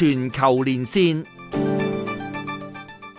全球連線，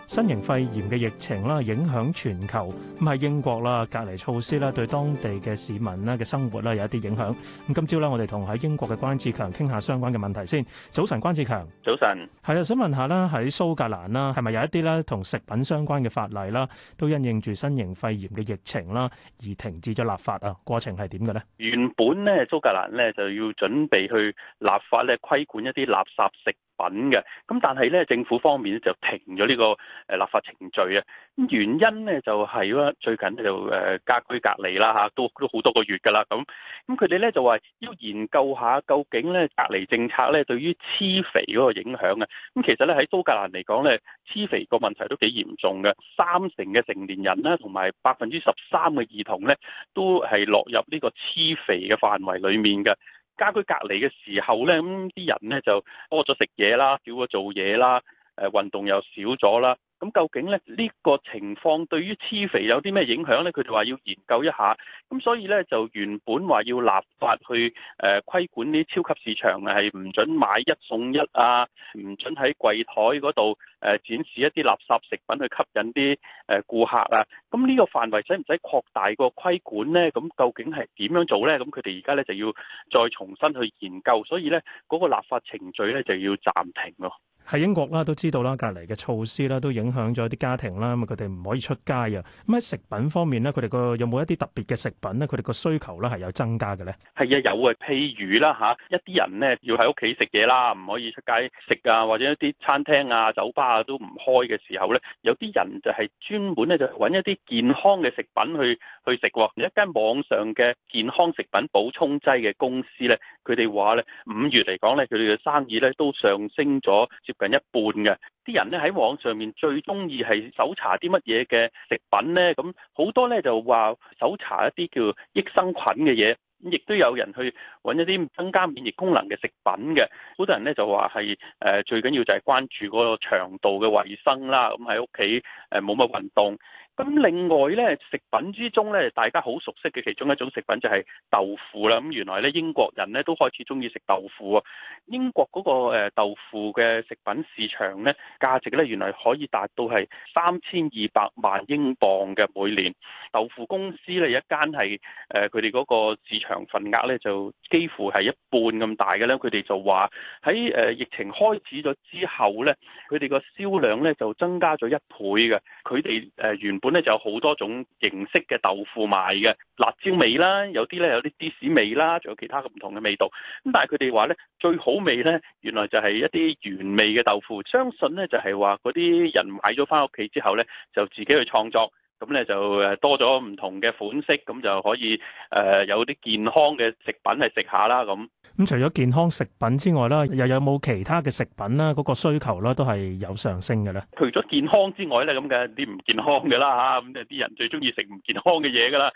新型肺炎嘅疫情啦，影響全球。咁喺英國啦，隔離措施啦，對當地嘅市民咧嘅生活啦，有一啲影響。咁今朝咧，我哋同喺英國嘅關志強傾下相關嘅問題先。早晨，關志強，早晨。係啊，想問一下啦，喺蘇格蘭啦，係咪有一啲咧同食品相關嘅法例啦，都因應住新型肺炎嘅疫情啦而停止咗立法啊？過程係點嘅呢？原本咧，蘇格蘭咧就要準備去立法咧規管一啲垃圾食。揾嘅，咁但係咧，政府方面咧就停咗呢個誒立法程序啊。咁原因咧就係話最近就誒家居隔離啦嚇，都都好多個月㗎啦。咁咁佢哋咧就話要研究下究竟咧隔離政策咧對於癡肥嗰個影響啊。咁其實咧喺蘇格蘭嚟講咧，癡肥個問題都幾嚴重嘅，三成嘅成年人咧，同埋百分之十三嘅兒童咧，都係落入呢個癡肥嘅範圍裡面嘅。家居隔離嘅時候咧，噉啲人咧就多咗食嘢啦，少咗做嘢啦，誒運動又少咗啦。咁究竟咧呢、呢個情況對於癡肥有啲咩影響呢？佢哋話要研究一下。咁所以呢，就原本話要立法去誒、呃、規管啲超級市場係唔准買一送一啊，唔准喺櫃台嗰度誒展示一啲垃圾食品去吸引啲誒顧客啊。咁呢個範圍使唔使擴大個規管呢？咁究竟係點樣做呢？咁佢哋而家呢，就要再重新去研究，所以呢，嗰、嗰個立法程序呢，就要暫停咯。喺英國啦，都知道啦，隔離嘅措施啦，都影響咗啲家庭啦，咁佢哋唔可以出街啊。咁喺食品方面咧，佢哋個有冇一啲特別嘅食品咧？佢哋個需求咧係有增加嘅咧。係啊，有啊，譬如啦嚇，一啲人咧要喺屋企食嘢啦，唔可以出街食啊，或者一啲餐廳啊、酒吧啊都唔開嘅時候咧，有啲人就係專門咧就揾一啲健康嘅食品去去食喎。一間網上嘅健康食品補充劑嘅公司咧，佢哋話咧五月嚟講咧，佢哋嘅生意咧都上升咗。近一半嘅啲人咧喺網上面最中意係搜查啲乜嘢嘅食品呢？咁好多咧就話搜查一啲叫益生菌嘅嘢，亦都有人去揾一啲增加免疫功能嘅食品嘅。好多人咧就話係誒最緊要就係關注嗰個腸道嘅衛生啦，咁喺屋企誒冇乜運動。咁另外咧，食品之中咧，大家好熟悉嘅其中一種食品就係豆腐啦。咁原來咧，英國人咧都開始中意食豆腐啊。英國嗰個誒豆腐嘅食品市場咧，價值咧原來可以達到係三千二百萬英鎊嘅每年。豆腐公司咧，一間係誒佢哋嗰個市場份額咧就幾乎係一半咁大嘅咧。佢哋就話，喺誒疫情開始咗之後咧，佢哋個銷量咧就增加咗一倍嘅。佢哋誒原本。咧就有好多種形式嘅豆腐賣嘅，辣椒味啦，有啲咧有啲芝士味啦，仲有其他嘅唔同嘅味道。咁但係佢哋話咧，最好味咧，原來就係一啲原味嘅豆腐。相信咧就係話嗰啲人買咗返屋企之後咧，就自己去創作。 咁咧就誒多咗唔同嘅款式，咁就可以誒、呃、有啲健康嘅食品嚟食下啦。咁咁除咗健康食品之外啦，又有冇其他嘅食品啦嗰、嗰個需求啦都係有上升嘅咧。除咗健康之外咧，咁嘅啲唔健康嘅啦吓，咁啲人最中意食唔健康嘅嘢噶啦。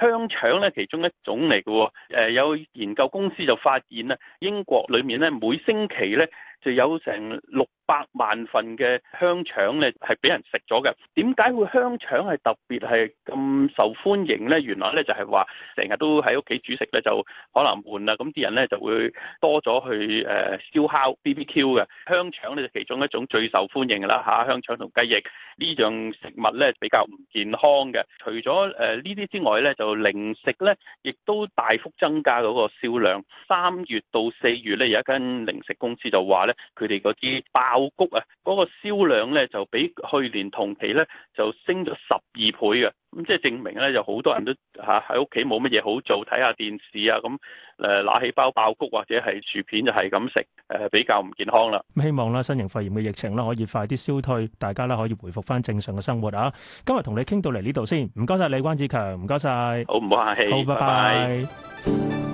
香腸咧其中一種嚟嘅喎，誒，有研究公司就發現啦，英國裏面咧每星期咧就有成六。百萬份嘅香腸咧係俾人食咗嘅，點解會香腸係特別係咁受歡迎呢？原來呢就係話成日都喺屋企煮食呢，就可能悶啦，咁啲人呢就會多咗去誒燒烤 BBQ 嘅香腸就其中一種最受歡迎嘅啦嚇。香腸同雞翼呢樣食物呢，比較唔健康嘅。除咗誒呢啲之外呢，就零食呢亦都大幅增加嗰個銷量。三月到四月呢，有一間零食公司就話呢，佢哋嗰啲包爆谷啊！嗰、那個銷量咧就比去年同期咧就升咗十二倍嘅，咁即係證明咧就好多人都吓喺屋企冇乜嘢好做，睇下電視啊，咁誒、呃、拿起包爆谷或者係薯片就係咁食，誒、呃、比較唔健康啦。希望啦，新型肺炎嘅疫情咧可以快啲消退，大家咧可以回復返正常嘅生活啊！今日同你傾到嚟呢度先，唔該晒李關志強，唔該晒，好，唔好客氣，好，拜拜。拜拜。